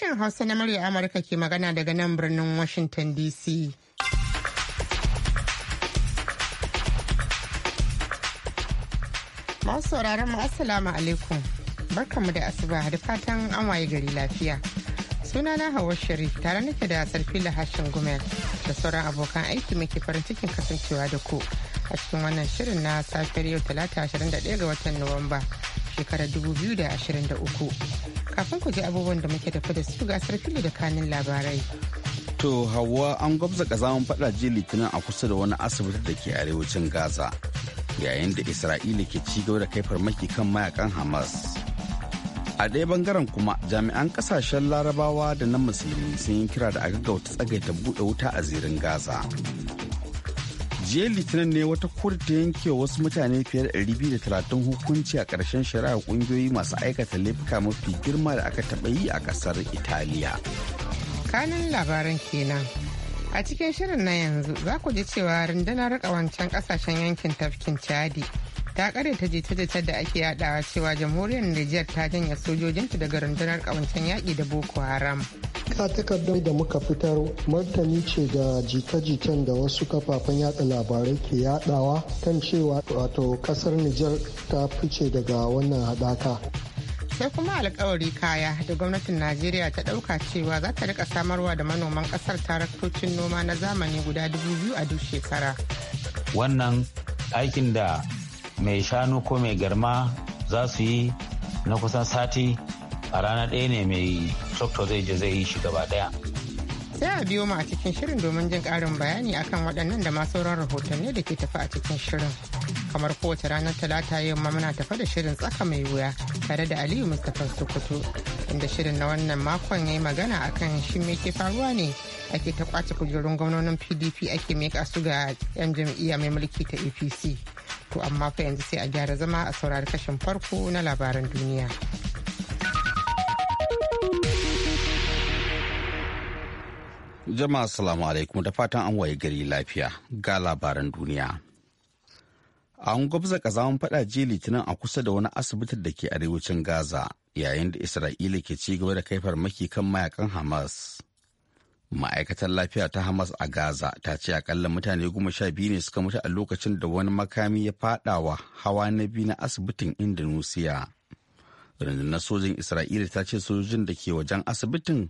Sashen Hausa na murya Amurka ke magana daga nan birnin Washington DC. Masu sauraron mu Assalamu alaikum. Barkanmu da asuba da fatan an waye gari lafiya. suna na Hawa Sharif tare nake da Sarfila Hashin Gumel da sauran abokan aiki muke farin cikin kasancewa da ku a cikin wannan shirin na safiyar yau talata 21 ga watan Nuwamba shekarar 2023. kafin ku ji abubuwan da muke tafi da su ga fili da kanin labarai. To hawa an gwabza kazaman fada jiya litinin a kusa da wani asibiti da ke arewacin Gaza yayin da Isra'ila ke ci gaba da kai farmaki kan mayakan Hamas. A ɗaya bangaren kuma jami'an kasashen larabawa da na musulmi sun yi kira da a gaggauta tsagaita buɗe wuta a zirin Gaza. jiya litinin ne wata kurta ta yanke wasu mutane fiye da 230 hukunci a ƙarshen shari'a ƙungiyoyi masu aikata laifuka mafi girma da aka taɓa yi a ƙasar italiya kanin labaran kenan a cikin shirin na yanzu za ku ji cewa rundunar ƙawancen ƙasashen yankin tafkin chadi ta ta jita-jitar da ake yadawa cewa jamhuriyar Nijar ta janye sojojinta daga rundunar kawancen yaƙi da Boko Haram. Ka takardar da muka fitar martani ce ga jita-jitan da wasu kafafen yada labarai ke yadawa kan cewa wato kasar Nijar ta fice daga wannan hadaka. sai kuma alkawari kaya da gwamnatin najeriya ta dauka cewa za ta rika samarwa da manoman kasar taraktocin noma na zamani guda dubu biyu a duk shekara wannan aikin da mai shanu ko mai garma za su yi na kusan sati a rana ɗaya ne mai tractor zai je zai yi shi gaba ɗaya. sai a biyo ma a cikin shirin domin jin ƙarin bayani akan waɗannan da ma sauran rahotanni da ke tafi a cikin shirin kamar kowace ranar talata yau ma muna tafi da shirin tsaka mai wuya tare da aliyu mustapha sokoto inda shirin na wannan makon ya yi magana akan shi me ke faruwa ne ake ta kwace kujerun gwamnonin pdp ake mika su ga yan jam'iyya mai mulki ta apc To amma fa yanzu sai a gyara zama a saurari kashin farko na labaran duniya. Jama'a salamu alaikum da fatan an waye gari lafiya ga labaran duniya. An gwabza kazaman faɗa jiya litinin a kusa da wani asibitin da ke arewacin Gaza yayin da Isra'ila ke ci gaba da kai farmaki kan mayakan Hamas. ma'aikatar lafiya ta hamas a gaza ta ce akalla mutane goma sha biyu ne suka mutu a lokacin da wani makami ya wa hawa na biyu na asibitin indonesia rundunar sojin isra'ila ta ce sojojin da ke wajen asibitin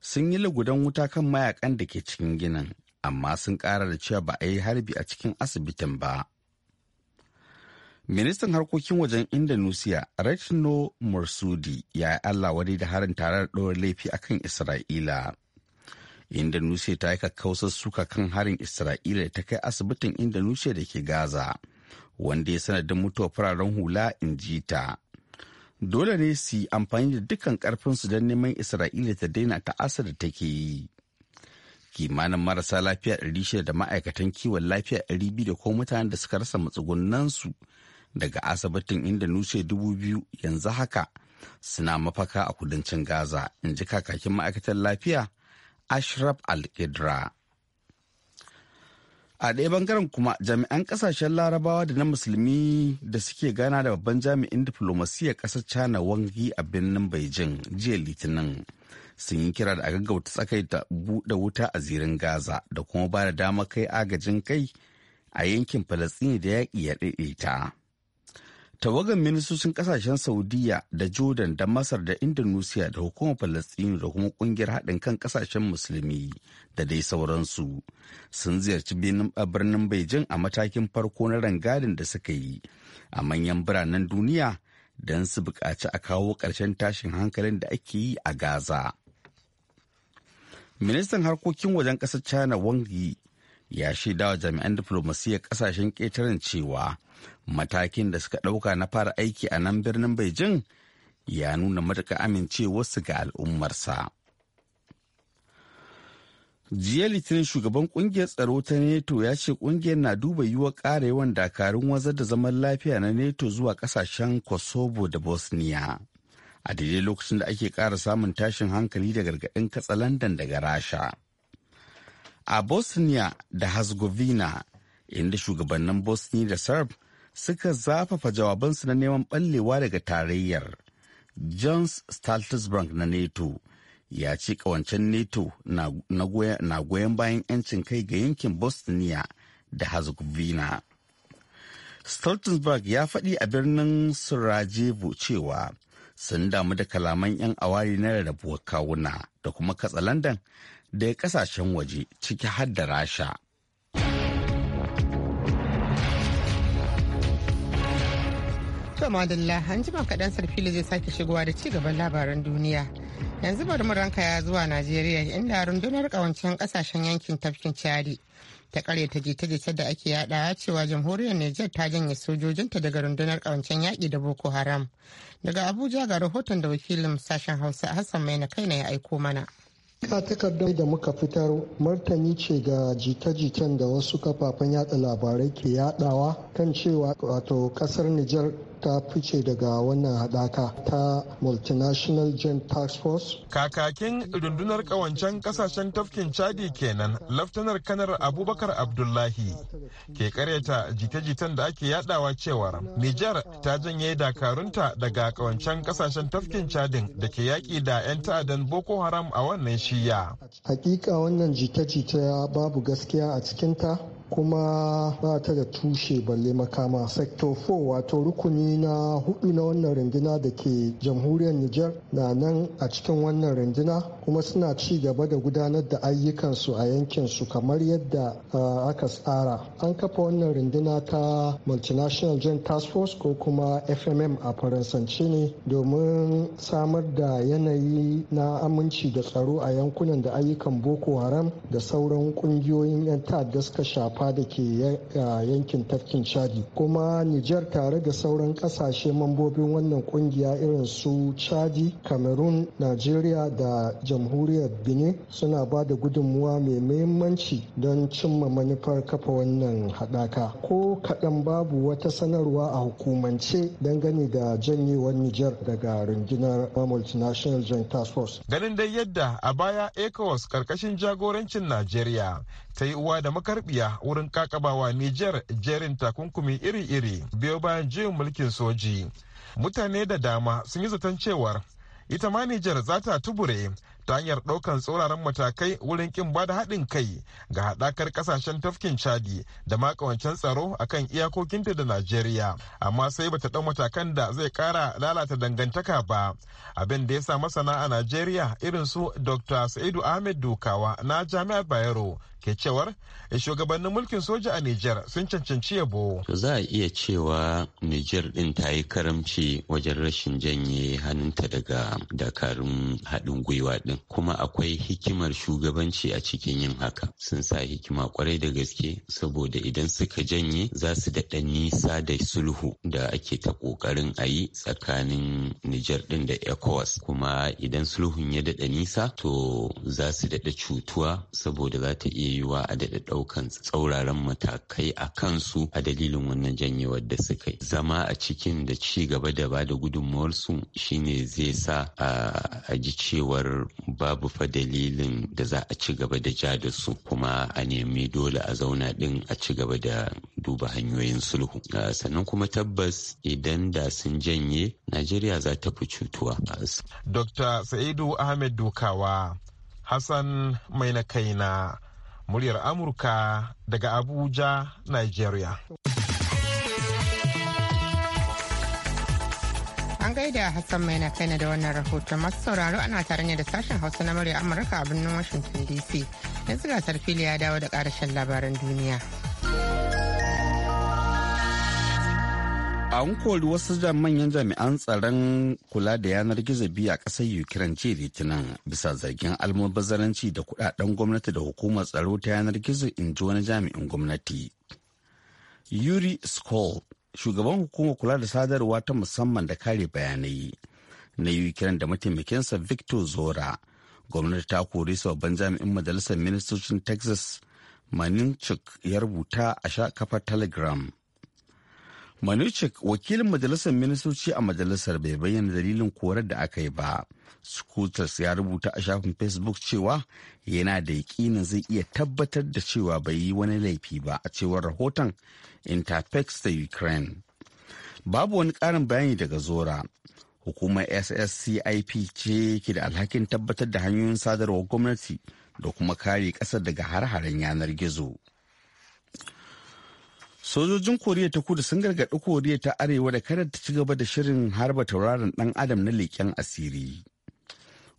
sun yi lagudan wuta kan mayakan da ke cikin ginin amma sun kara da cewa ba a yi harbi a cikin asibitin ba ministan harkokin wajen indonesia retno mursudi ya yi allah wani da harin tare da ɗora laifi akan isra'ila inda nuse ta yi kakkausar suka kan harin isra'ila da ta kai asibitin inda nuse da ke gaza wanda ya sanadin mutuwa fararen hula in ji ta dole ne su yi amfani da dukkan karfinsu don neman isra'ila ta daina ta'asar da take yi kimanin marasa lafiya 600 da ma'aikatan kiwon lafiya 200 da ko mutanen da suka rasa matsugunansu daga asibitin inda nushe 2000 yanzu haka suna mafaka a kudancin gaza in ji kakakin ma'aikatan lafiya Ashraf Al-Qidra. A ɗaya bangaren kuma jami'an ƙasashen larabawa da na musulmi da suke gana da babban jami'in diflomasiyyar ƙasar China wangi a birnin Beijing jiya Litinin sun yi kira da a gaggauta tsakai ta buɗe wuta a zirin Gaza da kuma ba da dama kai agajin kai a yankin Falasini da yaƙi ya ɗaiɗaita. tawagan ministocin kasashen saudiya da jordan da masar da indonesia da hukumar falastinu da kuma kungiyar haɗin kan kasashen musulmi da dai sauransu sun ziyarci birnin beijing a matakin farko na rangadin da suka yi a manyan biranen duniya don su buƙaci a kawo ƙarshen tashin hankalin da ake yi a gaza ministan harkokin wajen ƙasar china wangi yi ya shaidawa jami'an diflomasiyyar ƙasashen ƙetaren cewa matakin da suka ɗauka na fara aiki a nan birnin beijing ya nuna matuƙa amincewarsu ga al'ummarsa jiya litinin shugaban kungiyar tsaro ta neto ya ce kungiyar na duba yiwuwar ƙara yawan dakarun wazar da zaman lafiya na neto zuwa ƙasashen kosovo da bosnia a daidai lokacin da ake ƙara samun tashin hankali da gargaɗin katsa katsalandan daga rasha a bosnia da herzegovina inda shugabannin bosnia da serb suka zafafa jawabansu na neman ɓallewa daga tarayyar. Johns Stoltenberg na NATO ya ce kawancen NATO na goyon bayan 'yancin kai ga yankin Bosnia da Herzegovina. Stoltenberg ya faɗi a birnin Sarajevo cewa sun damu da kalaman 'yan awari na rarrabuwar kawuna da kuma katsalandan daga ƙasashen waje ciki har da rasha. To madalla an jima kaɗan sarfili zai sake shigowa da ci gaban labaran duniya. Yanzu bari mu ranka ya zuwa Najeriya inda rundunar ƙawancen kasashen yankin tafkin Chadi ta karyata jita-jita da ake yada cewa jamhuriyar Nijar ta janye sojojinta daga rundunar ƙawancen yaƙi da Boko Haram. Daga Abuja ga rahoton da wakilin sashen Hausa Hassan mai na kai na ya aiko mana. ka takardar da muka fitar martani ce ga jita-jitan da wasu kafafen yada labarai ke yadawa kan cewa wato kasar Nijar ta fice daga wannan haɗaka ta multinational joint task force kakakin rundunar kawancen kasashen tafkin chadi kenan laftanar kanar abubakar abdullahi ke karyata jita-jitan da ake yadawa cewar nijar ta janye dakarunta daga kawancen ƙasashen tafkin chadin da ke yaki da 'yan ta'adan boko haram a wannan shiya hakika wannan jita-jita babu gaskiya a cikinta kuma ba ta da tushe balle makama sector 4 wato rukuni na hudu na wannan rundunar da ke jamhuriyar Nijar na nan a cikin wannan rundunar kuma suna ci gaba da gudanar da ayyukansu a yankin su kamar yadda uh, aka tsara an kafa wannan runduna ta multinational joint task force ko kuma fmm a faransanci ne domin samar da yanayi na aminci da tsaro a yankunan da ayyukan boko haram da sauran kungiyoyin 'yan ta'adda suka shafa da ke uh, yankin tafkin chadi kuma niger tare da sauran kasashe mambobin wannan kungiya irin su chadi cameroon nigeria da jamhuriyar benin suna ba da gudunmuwa mai muhimmanci don cimma manufar kafa wannan haɗaka ko kaɗan babu wata sanarwa a hukumance dangane da janyewar nijar daga rundunar multinational joint task force ganin dai yadda a baya ecowas karkashin jagorancin najeriya ta yi uwa da makarbiya wurin kakabawa nijar jerin takunkumi iri-iri biyo bayan juyin mulkin soji mutane da dama sun yi zaton cewar ita ma Nijar za ta tubure ta hanyar ɗaukan tsauraran matakai wurin kin ba da haɗin kai ga haɗakar ƙasashen tafkin chadi da makawancin tsaro akan iyakokinta da najeriya amma sai bata ɗau matakan da zai kara lalata dangantaka ba abin da ya sa masana a najeriya irin su dr sa'idu ahmed dukawa na jami'ar bayero ke cewar eh, shugabannin mulkin soja a Nijar sun cancanci yabo. To za a iya cewa Nijar din ta yi karamci wajen rashin janye hannunta daga dakarun haɗin gwiwa din kuma akwai hikimar shugabanci a cikin yin haka sun sa hikima kwarai da gaske saboda idan suka janye za su daɗa nisa da sulhu da ake ta ƙoƙarin a yi tsakanin Nijar ɗin da ECOWAS kuma idan sulhun ya daɗa nisa to za su daɗa cutuwa saboda za ta iya yiwa a daɗa ɗaukan tsauraran matakai a kansu a dalilin wannan janyewar da suka yi zama a cikin da ci gaba da ba da gudunmawarsu shine zai sa a ji cewar babu fa dalilin da za a ci gaba da ja da su kuma a nemi dole a zauna din a ci gaba da duba hanyoyin sulhu ah, sannan kuma tabbas idan da sun janye najeriya za ta fi cutuwa dr sa'idu ahmed Dokawa, hassan mai na kaina muryar amurka daga abuja nigeria An gaida Hassan mai na kai da wannan rahoton masu sauraro ana tare ne da sashen Hausa na murya Amurka a birnin Washington DC. Yanzu gasar fili ya dawo da karashen labaran duniya. An kori wasu manyan jami'an tsaron kula da yanar gizo biyu a ƙasar Ukraine ce Litinin bisa zargin almubazzaranci da kudaden gwamnati da hukumar tsaro ta yanar gizo in ji wani jami'in gwamnati. Yuri Skoll shugaban hukumar kula da sadarwa ta musamman da kare bayanai na yi kiran da mataimakinsa victor zora gwamnati ta kori babban jami'in majalisar ministocin texas maninchuk ya rubuta a kafar telegram maninchuk wakilin majalisar ministoci a majalisar bai bayyana dalilin korar da aka yi ba scooters ya rubuta a shafin facebook cewa yana da yakinin zai iya tabbatar da cewa bai yi wani laifi ba a cewar rahoton interfax ta ukraine babu wani ƙarin bayani daga zora hukumar sscip ce ke da alhakin tabbatar da hanyoyin sadarwar gwamnati da kuma kare ƙasar daga har-haren yanar gizo sojojin koriya ta kudu sun gargaɗi koriya ta arewa da kada ta ci gaba da shirin harba tauraron ɗan adam na leƙen asiri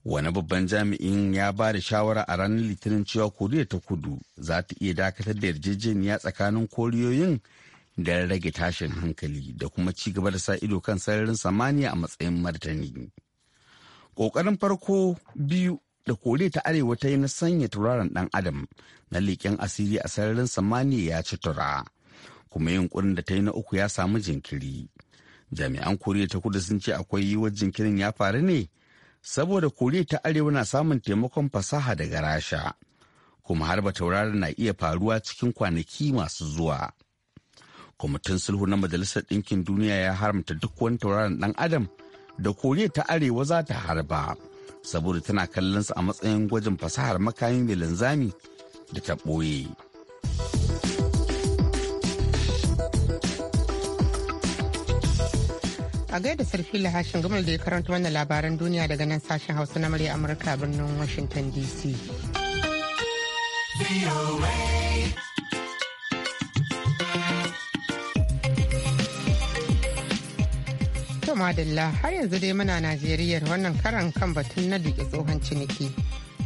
wani babban jami'in ya ba da shawara a ranar litinin cewa koriya ta kudu za ta iya dakatar da yarjejeniya tsakanin koriyoyin da rage tashin hankali da kuma ci gaba da sa ido kan sararin samaniya a matsayin martani ƙoƙarin farko biyu da koriya ta arewa ta yi na sanya turaren dan adam na leƙen asiri a sararin samaniya ya ci tura kuma yunkurin da ta yi na uku ya samu jinkiri jami'an koriya ta kudu sun ce akwai yiwuwar jinkirin ya faru ne saboda koriya ta arewa na samun taimakon fasaha daga rasha kuma har ba taurarin na iya faruwa cikin kwanaki masu zuwa kwamitin sulhu na majalisar ɗinkin duniya ya haramta duk wani tauraron ɗan adam da koriya ta arewa za ta harba saboda tana kallon kallonsa a matsayin gwajin fasahar makami mai linzami da ta ɓoye A gaida sarfi lahashin gamal da ya karanta wannan labaran duniya daga nan sashen Hausa na murya Amurka birnin Washington DC. madalla har yanzu dai muna Najeriya wannan karan kan batun na duke tsohon ciniki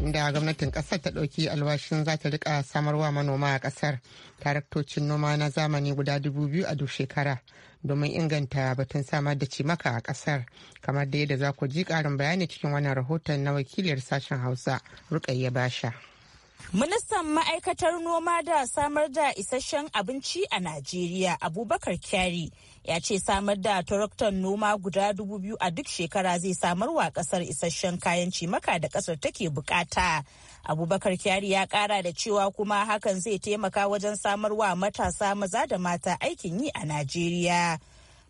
inda gwamnatin kasar ta ɗauki alwashin za ta rika samarwa manoma a kasar taraktocin noma na zamani guda dubu biyu a duk shekara domin inganta batun samar da cimaka a kasar kamar da yadda za ku ji karin bayani cikin wannan rahoton na wakiliyar sashen hausa rukayya basha Ministan ma'aikatar noma da samar da isasshen abinci a Najeriya Abubakar Kyari ya ce samar da taraktan noma guda dubu biyu a duk shekara zai samar wa kasar isasshen kayan cimaka da kasar take bukata abubakar kyari ya kara da cewa kuma hakan zai taimaka wajen samar wa matasa maza da mata aikin yi a najeriya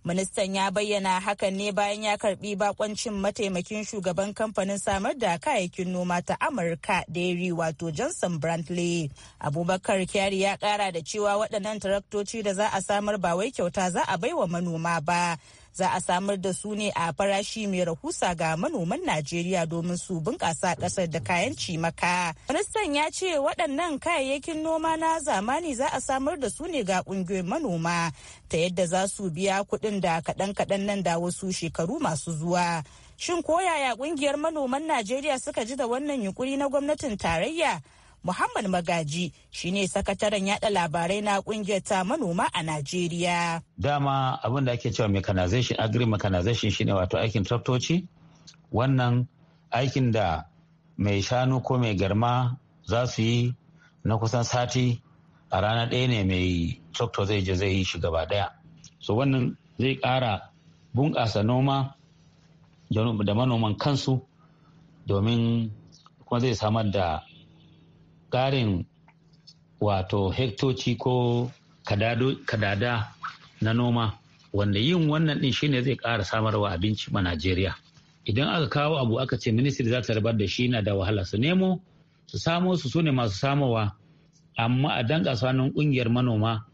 Ministan ya bayyana hakan ne bayan ya karbi bakoncin mataimakin shugaban kamfanin samar da kayayyakin noma ta Amurka Dairy wato Johnson Brantley. Abubakar Kyari ya kara da cewa waɗannan taraktoci da za a samar ba wai kyauta za a baiwa manoma ba. za a samar da su ne a farashi mai rahusa ga manoman Najeriya domin su bunƙasa ƙasar da kayan cimaka. Ministan ya ce waɗannan kayayyakin noma na zamani za a samar da su ne ga ƙungiyoyin manoma ta yadda za su biya kuɗin da kaɗan-kaɗan nan da wasu shekaru masu zuwa. Shin koyaya ƙungiyar manoman Najeriya suka ji da wannan yunkuri na gwamnatin tarayya? Muhammad Magaji shine sakataren yada labarai na kungiyar ta manoma a Najeriya. Dama abin da ake cewa mechanization agri mechanization shine wato aikin traktoci wannan aikin da mai shanu ko mai garma za su yi na kusan sati a rana ɗaya ne mai tractor zai je zai yi shi gaba ɗaya. So wannan zai ƙara bunƙasa noma da manoman kansu domin kuma zai samar da tsarin wato hektoci ko kadada na noma wanda yin wannan din shine zai kara samarwa abinci ma Najeriya. Idan aka kawo abu aka ce ministry za ta rabar da shi na da wahala su nemo su samo su sune masu samowa amma a danga sanin kungiyar manoma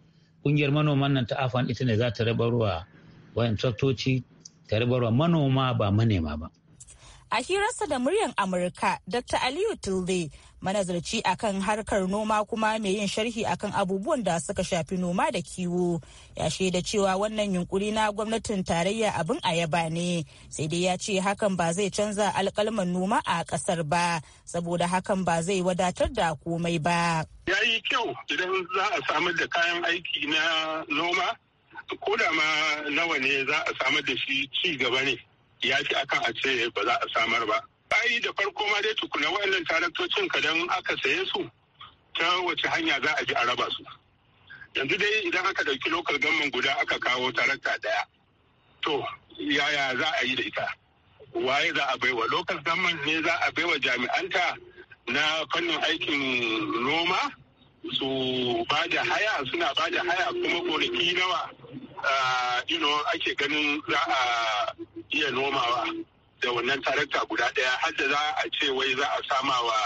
kungiyar manoman nan ta afan ita ne za ta rabarwa wayan traktoci ta rabarwa manoma ba manema ba. A hirarsa da muryar Amurka, Dr. Aliyu Tilde manazarci akan harkar noma kuma mai yin sharhi akan abubuwan da suka shafi noma da kiwo ya shaida cewa wannan yunkuri na gwamnatin tarayya abin a yaba ne sai dai ya ce hakan ba zai canza alkalman noma a kasar ba saboda hakan ba zai wadatar da komai ba ya yi kyau idan za a samar da kayan aiki na noma ko da ma nawa ne za a samar da shi ci gaba ne ya fi akan a ce ba za a samar ba bayi da farko ma dai tukuna waɗannan taraktocin kadan aka saye su ta wace hanya za a ji a raba su yanzu dai idan aka ɗauki lokal gamman guda aka kawo tarakta ɗaya to yaya za a yi da ita waye za a baiwa lokal gamman ne za a baiwa jami'anta na fannin aikin noma su ba da haya suna ba da haya kuma gonaki nawa ino ah, ake ganin za a iya nomawa da wannan tarakta guda ɗaya har da za a ce wai za a sama wa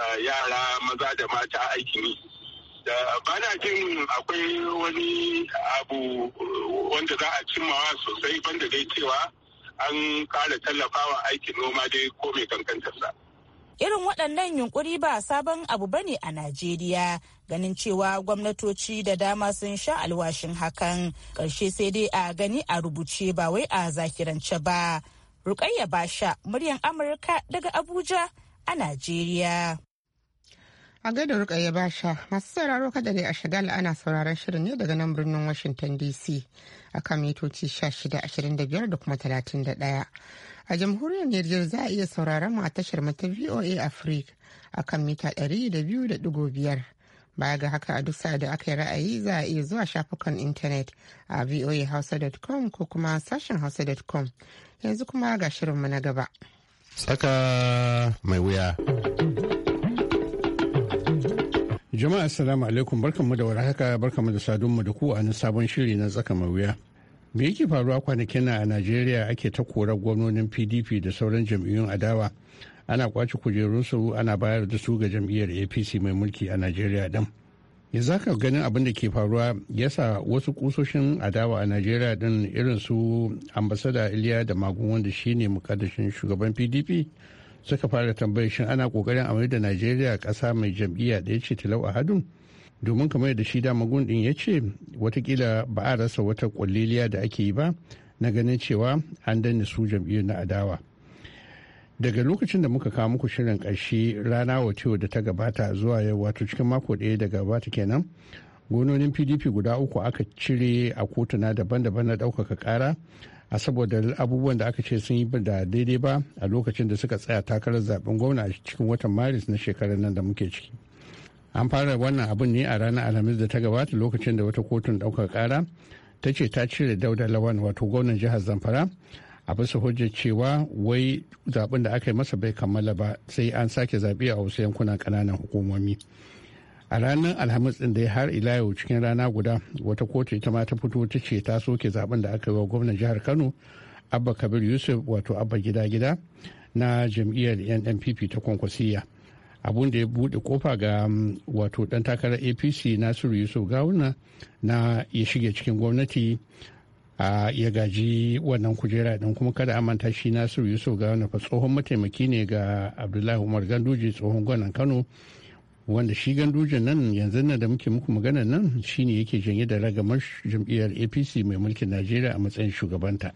eh, yara maza da mata aikin yi da bana jin akwai wani abu eh, wanda za a cimmawa sosai banda dai cewa an ƙara tallafawa aikin noma dai ko mai kankantarsa. Irin waɗannan yunkuri ba sabon abu ba ne a Najeriya ganin cewa gwamnatoci da dama sun sha alwashin hakan ƙarshe sai dai a gani a rubuce ba wai a zakirance ba. Rukayya Basha, muryan Amurka daga Abuja a Najeriya. A gaida Rukayya Basha, masu sauraro kada dai a shagala ana sauraron shirin ne daga nan birnin Washington DC a kan mitoci 1625 da kuma 31. A jamhuriyar Nijar za a iya sauraron mu a tashar mata VOA Africa a kan mita 200.5. baya ga haka a duk sa da aka yi ra'ayi za a iya zuwa shafukan intanet a voahausa.com ko kuma sashen hausa.com yanzu kuma ga shirinmu na gaba tsaka mai wuya jama'a assalamu alaikum barkan mu da warhaka mu da sadunmu da ku a na sabon shiri na tsaka mai wuya me yake faruwa kwanakin a najeriya ake ta korar gwamnonin pdp da sauran jam'iyyun adawa ana kwaci kujerunsu ana bayar da su ga jam'iyyar apc mai mulki a najeriya din yanzu haka ganin abin da ke faruwa yasa wasu kusoshin adawa a najeriya din irin su ambasada iliya da magun wanda shine mukaddashin shugaban pdp suka fara tambayar shin ana kokarin amai da najeriya kasa mai jam'iyya da ya ce talau a hadun domin kamar yadda shi magun ɗin ya ce watakila ba a rasa wata kwalliliya da ake yi ba na ganin cewa an danne su jam'iyyar na adawa daga lokacin da muka kawo muku shirin ƙarshe rana wato da ta gabata zuwa yau wato cikin mako ɗaya da gabata kenan gononin pdp guda uku aka cire a kotuna daban-daban na ɗaukaka ƙara a saboda abubuwan da aka ce sun yi da daidai ba a lokacin da suka tsaya takarar zaben gwamna a cikin watan maris na shekarar nan da muke ciki an fara wannan abun ne a ranar alhamis da ta gabata lokacin da wata kotun ɗaukaka ƙara ta ce ta cire dauda lawan wato gwamnan jihar zamfara a bisa hujjar cewa wai zaben da aka yi masa bai kammala ba sai an sake zaɓe a wasu yankunan ƙananan hukumomi a ranar alhamis ɗin dai har ila yau cikin rana guda wata kotu ita ma ta fito ta ce ta soke zaben da aka yi wa gwamnan jihar kano abba kabir yusuf wato abba gida gida na jam'iyyar nnpp ta kwankwasiya abun da ya buɗe kofa ga mm, wato ɗan takarar apc nasiru yusuf gawuna na ya shige cikin gwamnati a iya gaji wannan kujera don kuma kada manta shi nasiru yusuf ga wani tsohon mataimaki ne ga abdullahi umar ganduje tsohon gwanan kano wanda shi gandujin nan yanzu nan da muke muku magana nan shine yake janye da ragamar jam'iyyar apc mai mulkin najeriya a matsayin shugabanta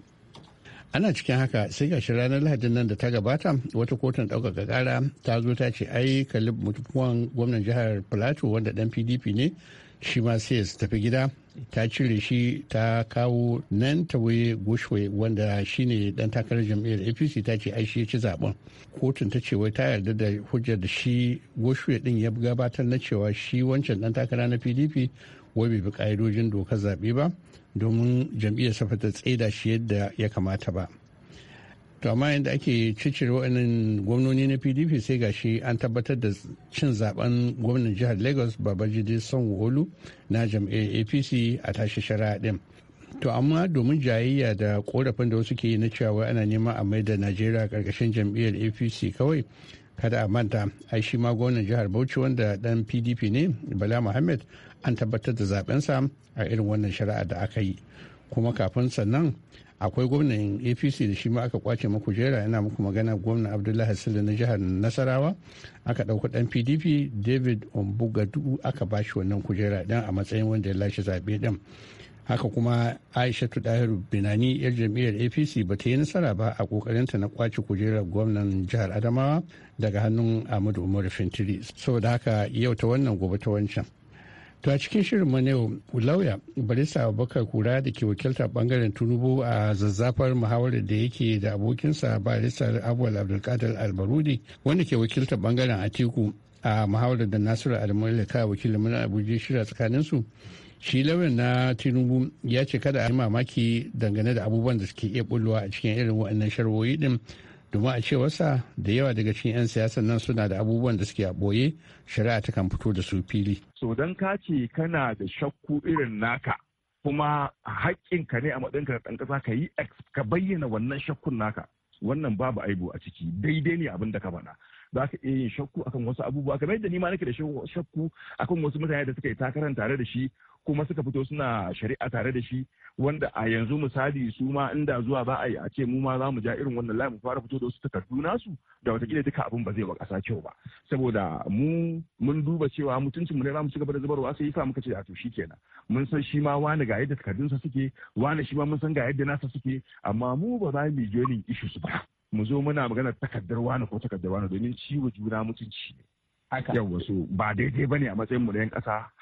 ana cikin haka sai gashi ranar lahadin nan da ta gabata wata kotun ɗaukaka ƙara ta zo ta ce ai kalib mutuwan gwamnan jihar plateau wanda dan pdp ne shi ma sai su tafi gida ta cire shi ta kawo nan ta waye gushwe wanda shine dan takarar jam'iyyar apc ta ce ai shi ya ci zaben kotun ta ce wai ta yarda da hujjar da shi gushwe din ya gabatar na cewa shi wancan dan takara na pdp wai bai bi ka'idojin dokar zaɓe ba domin jam'iyyar safa ta tsaida shi yadda ya kamata ba to amma yadda ake cicire waɗannan gwamnoni na pdp sai gashi an tabbatar da cin zaben gwamnan jihar lagos babajide son olu na jam'iyyar apc a tashi shari'a din to amma domin jayayya da korafin da wasu ke yi na cewa ana neman a mai da najeriya karkashin jam'iyyar apc kawai kada a manta ai shi ma gwamnan jihar bauchi wanda dan pdp ne bala muhammad an tabbatar da zabensa a irin wannan shari'a da aka yi kuma kafin sannan akwai gwamnan apc da shi ma aka kwace maku jera yana muku magana gwamnan abdullahi sule na jihar nasarawa aka ɗauka ɗan pdp david ombugadu aka ba shi wannan kujera ɗin a matsayin wanda ya lashe zaɓe ɗin haka kuma tu dahiru binani yar jam'iyyar apc ba ta yi nasara ba a ta na kwace kujerar gwamnan jihar adamawa daga hannun Amadu umar fintiri saboda haka yau ta wannan gobe ta wancan To a cikin shirin mu yau lauya Barista Abubakar Kura da ke wakiltar bangaren Tunubu a zazzafar muhawarar da yake da abokinsa Barista Abuwal Abdulkadir Albarudi wanda ke wakiltar bangaren Atiku a muhawarar da Nasiru da ka wakilin mun Abuja shirya tsakanin Shi lauyan na Tinubu ya ce kada a yi mamaki dangane da abubuwan da suke iya bulwa a cikin irin waɗannan sharwoyi din domin a cewarsa da yawa daga cikin 'yan siyasan nan suna da abubuwan da suke a ɓoye shari'a ta kan fito da su fili. so don ka ce kana da shakku irin naka kuma ka ne a matsayinka ka ɗan ƙasa ka yi ka bayyana wannan shakkun naka wannan babu aibu a ciki daidai ne abin da ka faɗa za ka iya yin shakku akan wasu abubuwa kamar yadda ni ma nake da shakku akan wasu mutane da suka yi takarar tare da shi kuma suka fito suna shari'a tare da shi wanda a yanzu misali su ma inda zuwa ba a yi a ce mu ma za mu ja irin wannan layi mu fara fito da wasu takardu nasu da wata watakila duka abin ba zai wa ƙasa kyau ba saboda mu mun duba cewa mutuncin mu ne za mu cigaba da zubarwa sai yasa muka ce a to kenan mun san shi ma wani ga yadda takardunsa suke wani shi ma mun san ga yadda nasa suke amma mu ba za mu yi jonin issues ba mu zo muna magana takardar wani ko takardar wani domin ciwo juna mutunci ne yawa su ba daidai ba ne a matsayin mu na yan ƙasa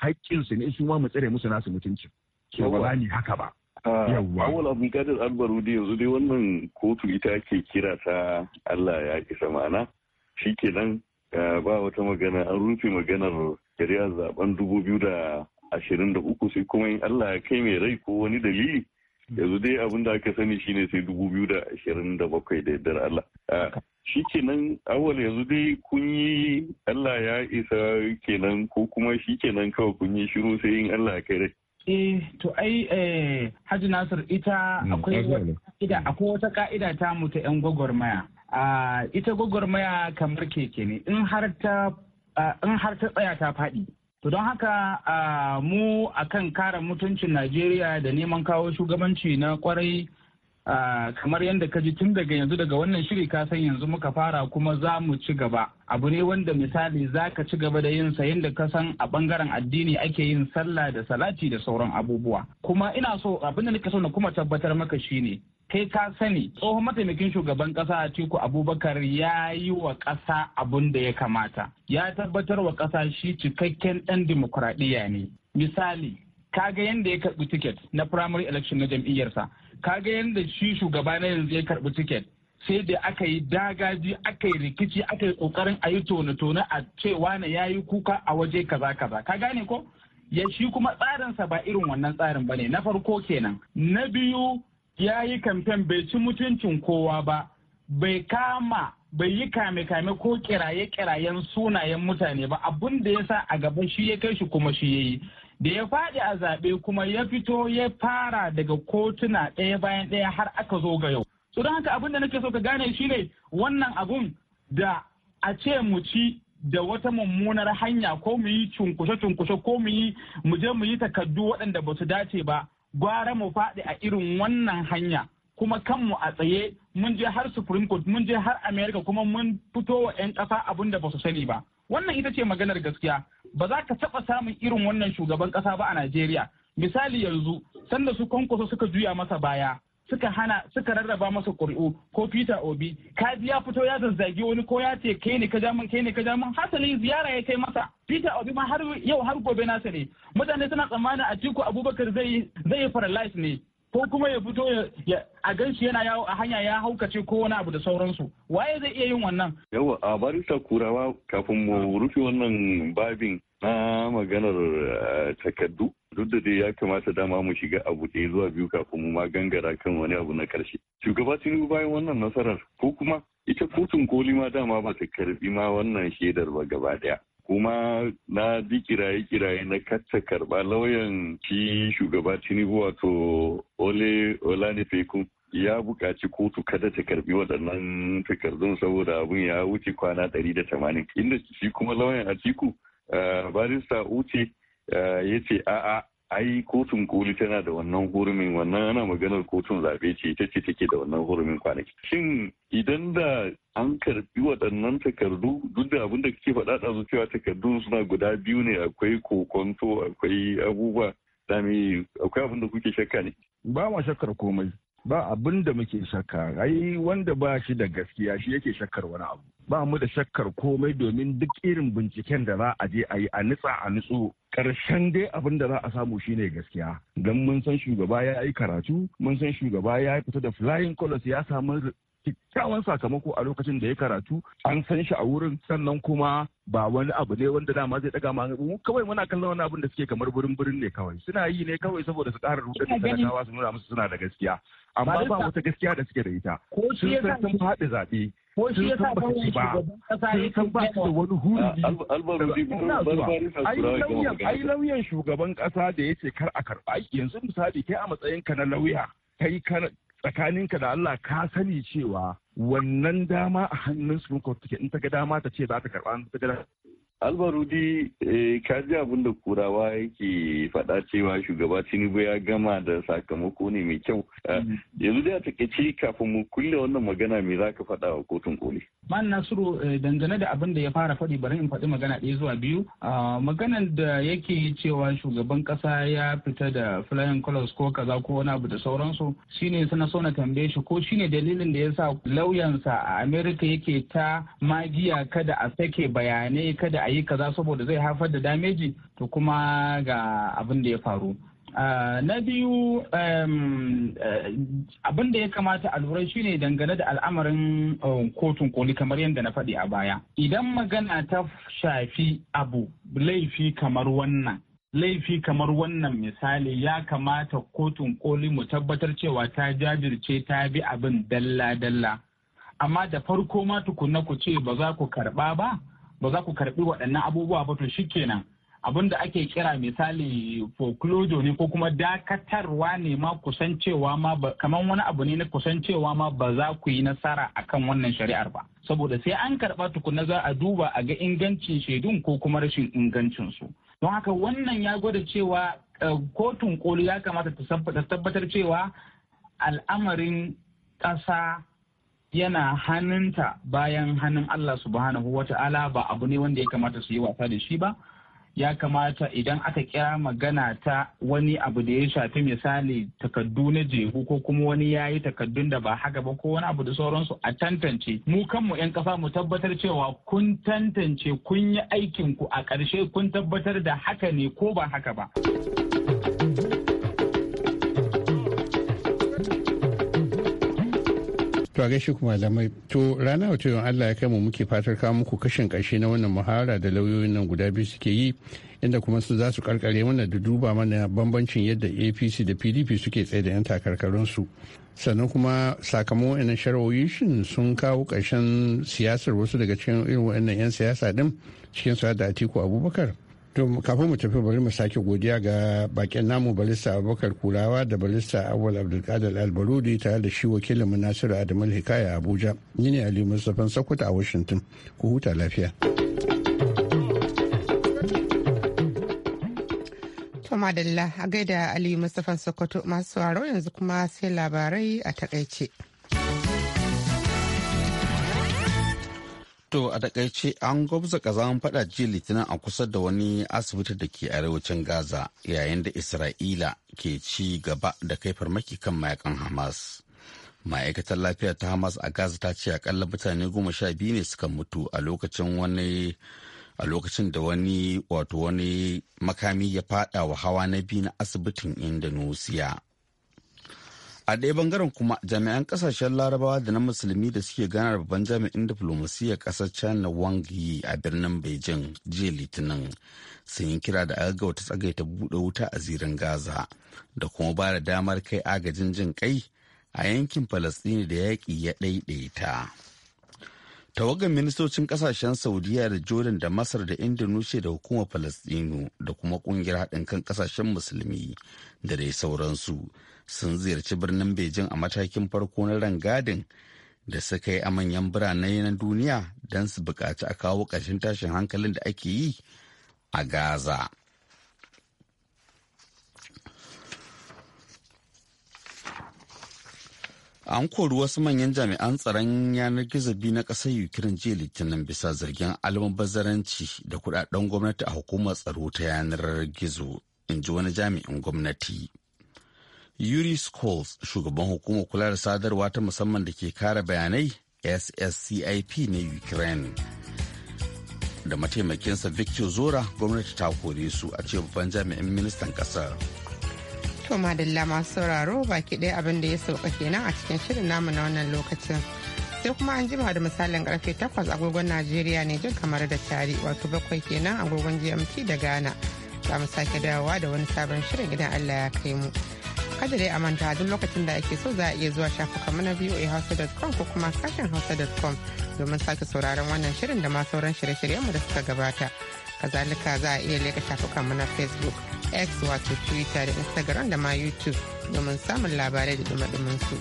su ne su ma mu tsare musu nasu mutuncin so ba ni haka ba ah, yawwa gadar albaru albarudi yanzu dai wannan kotu ita ke kira ta allah ya isa ma'ana shi kenan ah, ba wata magana an rufe maganar shari'ar zaben dubu biyu da ashirin da uku sai kuma in allah ya kai mai rai ko wani dalili yanzu dai abin da aka sani shine sai dubu biyu da ashirin da bakwai da yardar Allah ah, shi kenan awal yanzu dai kun yi Allah ya isa kenan ko kuma shi kenan kawai kun yi shiru sai yin Allah kai rai eh to ai eh, Hajji Nasir ita mm, akwai wata ka'ida ta mu ta yan gwagwarmaya ah, ita gwagwarmaya kamar keke ne in har ta ah, in har ta tsaya ta faɗi To don haka mu a kan kare mutuncin Najeriya da neman kawo shugabanci na kwarai kamar yadda ka ji tun daga yanzu daga wannan shiri kasan yanzu muka fara kuma za mu ci gaba. Abu ne wanda misali za ka ci gaba da yin sayin yadda ka san a bangaren addini ake yin sallah da salati da sauran abubuwa. Kuma ina so abin da nake so na kuma tabbatar maka shine kai ka sani tsohon mataimakin shugaban kasa ciku Abubakar ya yi wa kasa abun da ya kamata. Ya tabbatar wa kasa shi cikakken ɗan dimokuraɗiyya ne. Misali, kaga yadda ya karɓi tiket na primary election na jam'iyyarsa, kaga yadda shi shugaba na yanzu ya karɓi tiket sai da aka yi dagaji aka yi rikici aka yi kokarin a yi tone-tone a cewa na ya yi kuka a waje kaza-kaza ka gane ko ya shi kuma tsarinsa ba irin wannan tsarin ba ne na farko kenan na biyu ya yi kamfen bai ci mutuncin kowa ba bai kama bai yi kame-kame ko kiraye-kirayen sunayen mutane ba abun da ya sa a gaban shi ya kai shi kuma shi ya yi da ya faɗi a zaɓe kuma ya fito ya fara daga kotuna ɗaya bayan ɗaya har aka zo ga yau su don haka abin da nake so ka gane shi ne wannan abun da a ce mu ci da wata mummunar hanya ko mu yi cunkushe-cunkushe ko mu yi mu je mu yi takaddu waɗanda ba su dace ba gwara mu faɗi a irin wannan hanya kuma kanmu a tsaye mun je har supreme court mun je har america kuma mun fito wa 'yan ƙasa abun da ba su sani ba wannan ita ce maganar gaskiya ba za ka taɓa samun irin wannan shugaban ƙasa ba a nigeria misali yanzu sanda su kwankwaso suka juya masa baya suka hana suka rarraba masa kuri'u ko Peter Obi kaji ya fito ya zazzagi wani ko ya ce kai ne ka ja min kai ne ka ja min hasali ziyara ya kai masa Peter Obi ma har yau har gobe nasa ne mutane suna tsammanin a Atiku Abubakar zai zai paralyze ne ko kuma ya fito a gan yana yawo a hanya ya haukace ko wani abu da sauransu waye zai iya yin wannan yawa a barista kurawa kafin mu rufe wannan babin na maganar eh, takardu duk da dai ya kamata dama mu shiga abu ɗaya zuwa biyu kafin mu ma kan wani abu na ƙarshe shugaba tinubu bayan wannan nasarar ko kuma ita kotun koli ma dama ba ta karbi ma wannan shaidar ba gaba ɗaya kuma na bi kiraye-kiraye na kacce karba lauyan shi shugaba tinubu wato ole fekun ya buƙaci kotu kada ta karbi waɗannan takardun saboda abin ya wuce kwana ɗari da tamanin inda shi kuma lauyan atiku Eh, barista uce eh, ya ce a'a ai kotun koli tana da wannan hurumin wannan ana maganar kotun zaɓe ce ita ce take da wannan hurumin kwanaki shin idan da an karbi waɗannan takardu duk da abin da kake faɗa da cewa takardun suna guda biyu ne akwai kokonto akwai abubuwa dami akwai abin da kuke shakka ne ba ma shakkar komai ba abin da muke shakka ai wanda ba shi da gaskiya shi yake shakkar wani abu ba mu da shakkar komai domin duk irin binciken da za a je a yi a nitsa a nitso karshen dai abin da za a samu shine gaskiya don mun san shugaba ya yi karatu mun san shugaba ya fita da flying colors ya samu kyakkyawan sakamako a lokacin da ya karatu an san shi a wurin sannan kuma ba wani abu ne wanda dama zai daga ma kawai muna kallon wani abin da suke kamar burin burin ne kawai suna yi ne kawai saboda su ƙara rudar da talakawa su nuna musu suna da gaskiya amma ba wata gaskiya da suke da ita sun san sun faɗi zaɓe ko shi ba sun san ba yake da wani hurumi ai lauyan shugaban kasa da yace kar a karba yanzu misali kai a matsayin ka na lauya kai tsakaninka da Allah ka sani cewa wannan dama a hannun Supreme Court in ta ga dama ta ce za ta karɓa in ta ga albarudi eh, ka ji abin da kurawa yake faɗa cewa shugaba tinubu ya gama da sakamako ne mai kyau eh, mm-hmm. yanzu da takaice kafin mu kulle wannan magana me za ka faɗa wa kotun koli man nasiru eh, dangane da abin da ya fara faɗi bari in faɗi magana ɗaya zuwa biyu ah, maganan da yake cewa shugaban ƙasa ya fita da flying colors ko kaza ko wani abu da sauransu shine sana so na tambaye shi ko shine dalilin da yasa lauyansa a amerika yake ta magiya kada a sake bayanai kada a yi kaza saboda zai haifar da dameji to kuma ga abin da ya faru ah, na biyu eh, abin da ya kamata a lura shine dangane da al'amarin um, kotun koli kamar yadda na faɗi a baya idan magana ta shafi abu laifi kamar wannan laifi kamar wannan misali ya kamata kotun koli mu tabbatar cewa ta jajirce ta bi abin dalla-dalla amma da farko ma tukunna ku ce ba za ku karɓa ba ba za ku karbi waɗannan abubuwa ba to shikenan abin da ake kira misali foreclosure ne ko kuma dakatarwa ne ma kusancewa ma kamar wani abu ne na kusancewa ma ba za ku yi nasara akan wannan shari'ar ba saboda sai an karɓa tukuna za a duba a ga ingancin shaidun ko kuma rashin ingancin su don haka wannan ya gwada cewa eh, kotun koli ya kamata ta tabbatar cewa al'amarin ƙasa yana hannunta bayan hannun Allah subhanahu wa ta'ala ba abu ne wanda ya kamata su yi wasa da shi ba ya kamata idan aka kira magana ta wani abu da ya shafi misali takardu na jehu ko kuma wani ya yi takaddun da ba haka ba ko wani abu da sauransu a tantance mu kanmu 'yan kasa mu tabbatar cewa kun tantance kun yi aikinku a ƙarshe kun tabbatar da haka ne ko ba haka ba. To a gaishe kuma malamai to rana wata yawan Allah ya kaimu muke fatar kawo muku kashin ƙarshe na wannan muhara da lauyoyin nan guda biyu suke yi inda kuma su za su karkare mana da duba mana bambancin yadda APC da PDP suke tsaye da 'yan takarkarunsu. Sannan kuma sakamakon wa'annan shari'o'i shin sun kawo ƙarshen siyasar wasu daga cikin irin wa'annan 'yan siyasa din cikin su da Atiku Abubakar. To kafin mu tafi bari mu sake godiya ga bakin namu balista Abubakar Kulawa da balista Awal Abdulkadir Albarudi tare da shi wakilin mu Nasiru Adamu Hikaya Abuja. Ni ne Ali Mustapha Sokoto a Washington. Ku huta lafiya. To madalla a gaida Ali Mustapha Sokoto masu sauraro yanzu kuma sai labarai a takaice. To a takaice an gwabza kazan fada jiya litinin a kusa da wani asibiti da ke arewacin Gaza yayin da Isra'ila ke ci gaba da kai farmaki kan mayakan Hamas. Ma'aikatar lafiya ta Hamas a Gaza ta ce akalla mutane goma sha biyu ne suka mutu a lokacin wani a lokacin da wani wato wani makami ya fada wa hawa na biyu na asibitin Indonesia. a ɗaya bangaren kuma jami'an kasashen larabawa da na musulmi da suke gana babban jami'in diflomasiyyar ƙasar china wang yi a birnin beijing jiya litinin sun yi kira da aga wata tsagaita buɗe wuta a zirin gaza da kuma ba da damar kai agajin jin kai a yankin falastini da yaƙi ya ɗaiɗaita Tawagan ministocin kasashen saudiya da jordan da masar da indonesia da hukumar falastinu da kuma ƙungiyar haɗin kan kasashen musulmi da dai sauransu sun ziyarci birnin Beijing a matakin farko na rangadin da suka yi a manyan birane na duniya don su bukaci a kawo ƙarshen tashin hankalin da ake yi a Gaza. An kori wasu manyan jami'an tsaron yanar gizo biyu na ƙasar Ukraine jiya Litinin bisa zargin almubazzaranci da kudaden gwamnati a hukumar tsaro ta yanar gizo, in ji wani jami'in gwamnati. Yuri Scholes, shugaban hukumar kula da sadarwa ta musamman da ke kare bayanai SSCIP na Ukraine. Da mataimakinsa Victor Zora gwamnati ta kore su a ce babban jami'in ministan kasar. To madalla masu sauraro baki ɗaya abin da ya sauka kenan a cikin shirin namu na wannan lokacin. sai kuma an jima da misalin karfe takwas agogon najeriya ne jin kamar da tari wato bakwai kenan agogon gmt da ghana za mu sake dawowa da wani sabon shirin gidan allah ya kai mu. kada a manta duk lokacin da ake so za a iya zuwa shafukanmu na voahausa.com ko kuma sashen hausa.com domin sake sauraron wannan shirin da ma sauran shirye-shiryenmu da suka gabata. Kazalika za a iya leka shafukanmu na Facebook, X wato Twitter da Instagram da ma YouTube domin samun labarai da dumadumin su.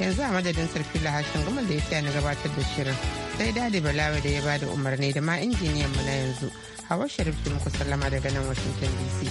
Yanzu a madadin sarfi lahashin gama da ya fiya na gabatar da shirin sai dadi balawa da ya bada umarni da ma injiniyan mu na yanzu. Hawa Sharif muku sallama daga nan Washington DC.